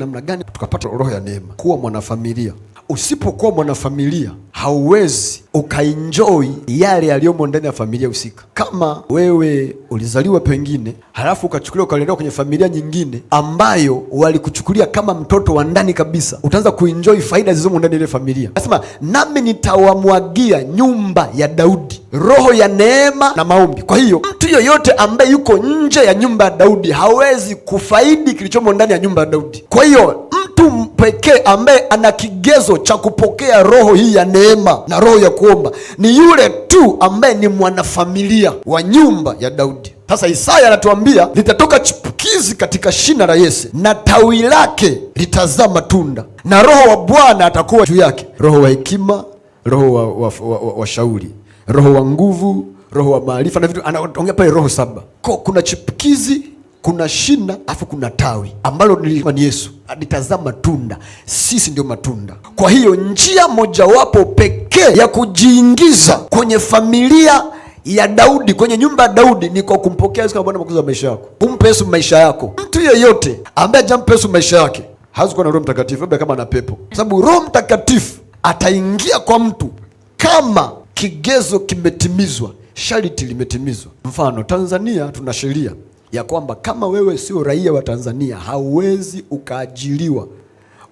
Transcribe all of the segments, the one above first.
Namna gani tukapata roho ya neema? Kuwa mwanafamilia. Usipokuwa mwanafamilia hauwezi ukainjoi yale yaliyomo ndani ya familia husika. Kama wewe ulizaliwa pengine, halafu ukachukuliwa ukalelewa kwenye familia nyingine ambayo walikuchukulia kama mtoto wa ndani kabisa, utaanza kuinjoi faida zilizomo ndani ya ile familia. Nasema nami nitawamwagia nyumba ya Daudi roho ya neema na maombi. Kwa hiyo mtu yoyote ambaye yuko nje ya nyumba ya Daudi hawezi kufaidi kilichomo ndani ya nyumba ya Daudi. Kwa hiyo mtu pekee ambaye ana kigezo cha kupokea roho hii ya neema na roho ya kuomba ni yule tu ambaye ni mwanafamilia wa nyumba ya Daudi. Sasa Isaya anatuambia litatoka chipukizi katika shina la Yese na tawi lake litazaa matunda, na roho wa Bwana atakuwa juu yake, roho wa hekima, roho wa, wa, wa, wa, wa shauri, roho wa nguvu, roho wa maarifa na vitu. Anaongea pale roho saba Kwa kuna chipukizi kuna shina afu kuna tawi ambalo ni Yesu Alitazama matunda. Sisi ndio matunda. Kwa hiyo njia mojawapo pekee ya kujiingiza kwenye familia ya Daudi kwenye nyumba ya Daudi ni kwa kumpokea Yesu kama Bwana Mwokozi wa maisha yako, kumpe Yesu maisha yako. Mtu yeyote ambaye hajampa Yesu maisha yake hawezi kuwa na Roho Mtakatifu, labda kama ana pepo, kwa sababu Roho Mtakatifu ataingia kwa mtu kama kigezo kimetimizwa, sharti limetimizwa. Mfano, Tanzania tuna sheria ya kwamba kama wewe sio raia wa Tanzania hauwezi ukaajiriwa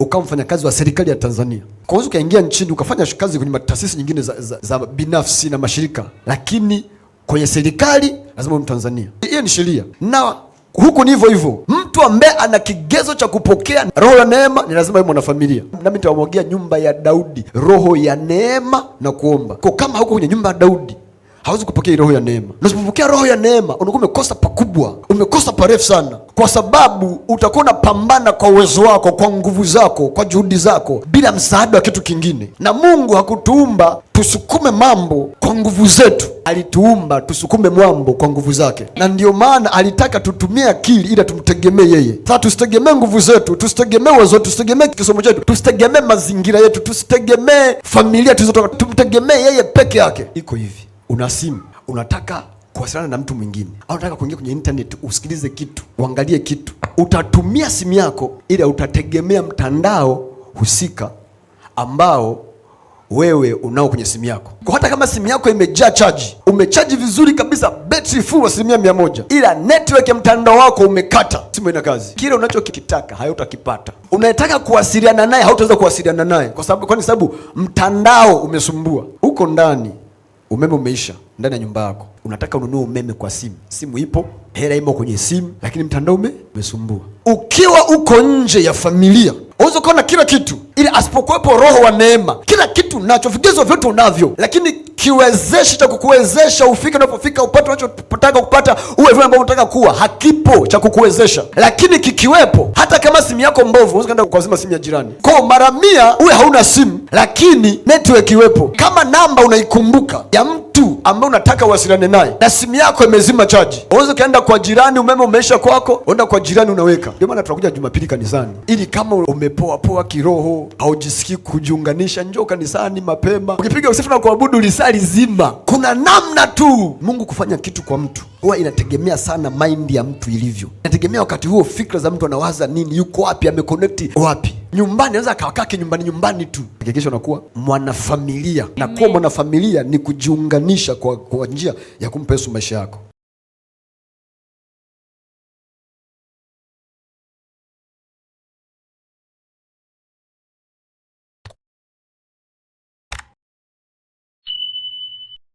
ukawa mfanyakazi wa serikali ya Tanzania. Kwa hiyo ukaingia nchini ukafanya kazi kwenye taasisi nyingine za, za, za binafsi na mashirika, lakini kwenye serikali lazima uwe Mtanzania. Hiyo ni sheria, na huku ni hivyo hivyo. Mtu ambaye ana kigezo cha kupokea roho ya neema ni lazima awe mwanafamilia. Nami nitawamwagia nyumba ya Daudi roho ya neema na kuomba. Kwa kama huko kwenye nyumba ya Daudi hawezi kupokea roho ya neema. usipopokea roho ya neema unakuwa umekosa pakubwa, umekosa parefu sana, kwa sababu utakuwa unapambana kwa uwezo wako, kwa nguvu zako, kwa juhudi zako, bila msaada wa kitu kingine. Na Mungu hakutuumba tusukume mambo kwa nguvu zetu, alituumba tusukume mambo kwa nguvu zake, na ndiyo maana alitaka tutumie akili, ila tumtegemee yeye. Sasa tusitegemee nguvu zetu, tusitegemee uwezo wetu, tusitegemee kisomo chetu, tusitegemee mazingira yetu, tusitegemee familia tulizotoka, tumtegemee yeye peke yake. Iko hivi una simu, unataka kuwasiliana na mtu mwingine au unataka kuingia kwenye internet usikilize kitu, uangalie kitu, utatumia simu yako, ila utategemea mtandao husika ambao wewe unao kwenye simu yako. Kwa hata kama simu yako imejaa chaji, umechaji vizuri kabisa, betri full asilimia mia moja, ila network ya mtandao wako umekata, simu ina kazi. Kile unachokitaka hayotakipata. unayetaka kuwasiliana naye hautaweza kuwasiliana naye, kwa sababu kwani sababu mtandao umesumbua uko ndani umeme umeisha ndani ya nyumba yako, unataka ununue umeme kwa simu. Simu ipo, hela imo kwenye simu, lakini mtandao ume umesumbua. Ukiwa uko nje ya familia unaweza ukaona kila kitu, ili asipokuwepo Roho wa neema, kila kitu nacho, vigezo vyote unavyo, lakini kiwezeshi cha kukuwezesha ufike unapofika, upate unachotaka kupata, uwe vile ambavyo unataka kuwa, hakipo cha kukuwezesha. Lakini kikiwepo, hata kama simu yako mbovu, unaweza kwenda kukazima simu ya jirani. Kwa mara mia uwe hauna simu, lakini network iwepo, kama namba unaikumbuka ya mtu ambaye unataka uwasiliane naye na simu yako imezima chaji. Unaweza ukaenda kwa jirani, umeme umeisha kwako, uenda kwa jirani unaweka. Ndio maana tunakuja Jumapili kanisani, ili kama umepoa poa kiroho, haujisikii kujiunganisha, njoo kanisani mapema. Ukipiga usifu na kuabudu lisali zima, kuna namna tu Mungu kufanya kitu kwa mtu huwa inategemea sana maindi ya mtu ilivyo, inategemea wakati huo fikra za mtu anawaza nini, yuko wapi, ameconnect wapi nyumbani, anaweza akawakaa nyumbani nyumbani tu. Hakikisha unakuwa mwanafamilia, na kuwa mwanafamilia ni kujiunganisha kwa, kwa njia ya kumpa Yesu maisha yako.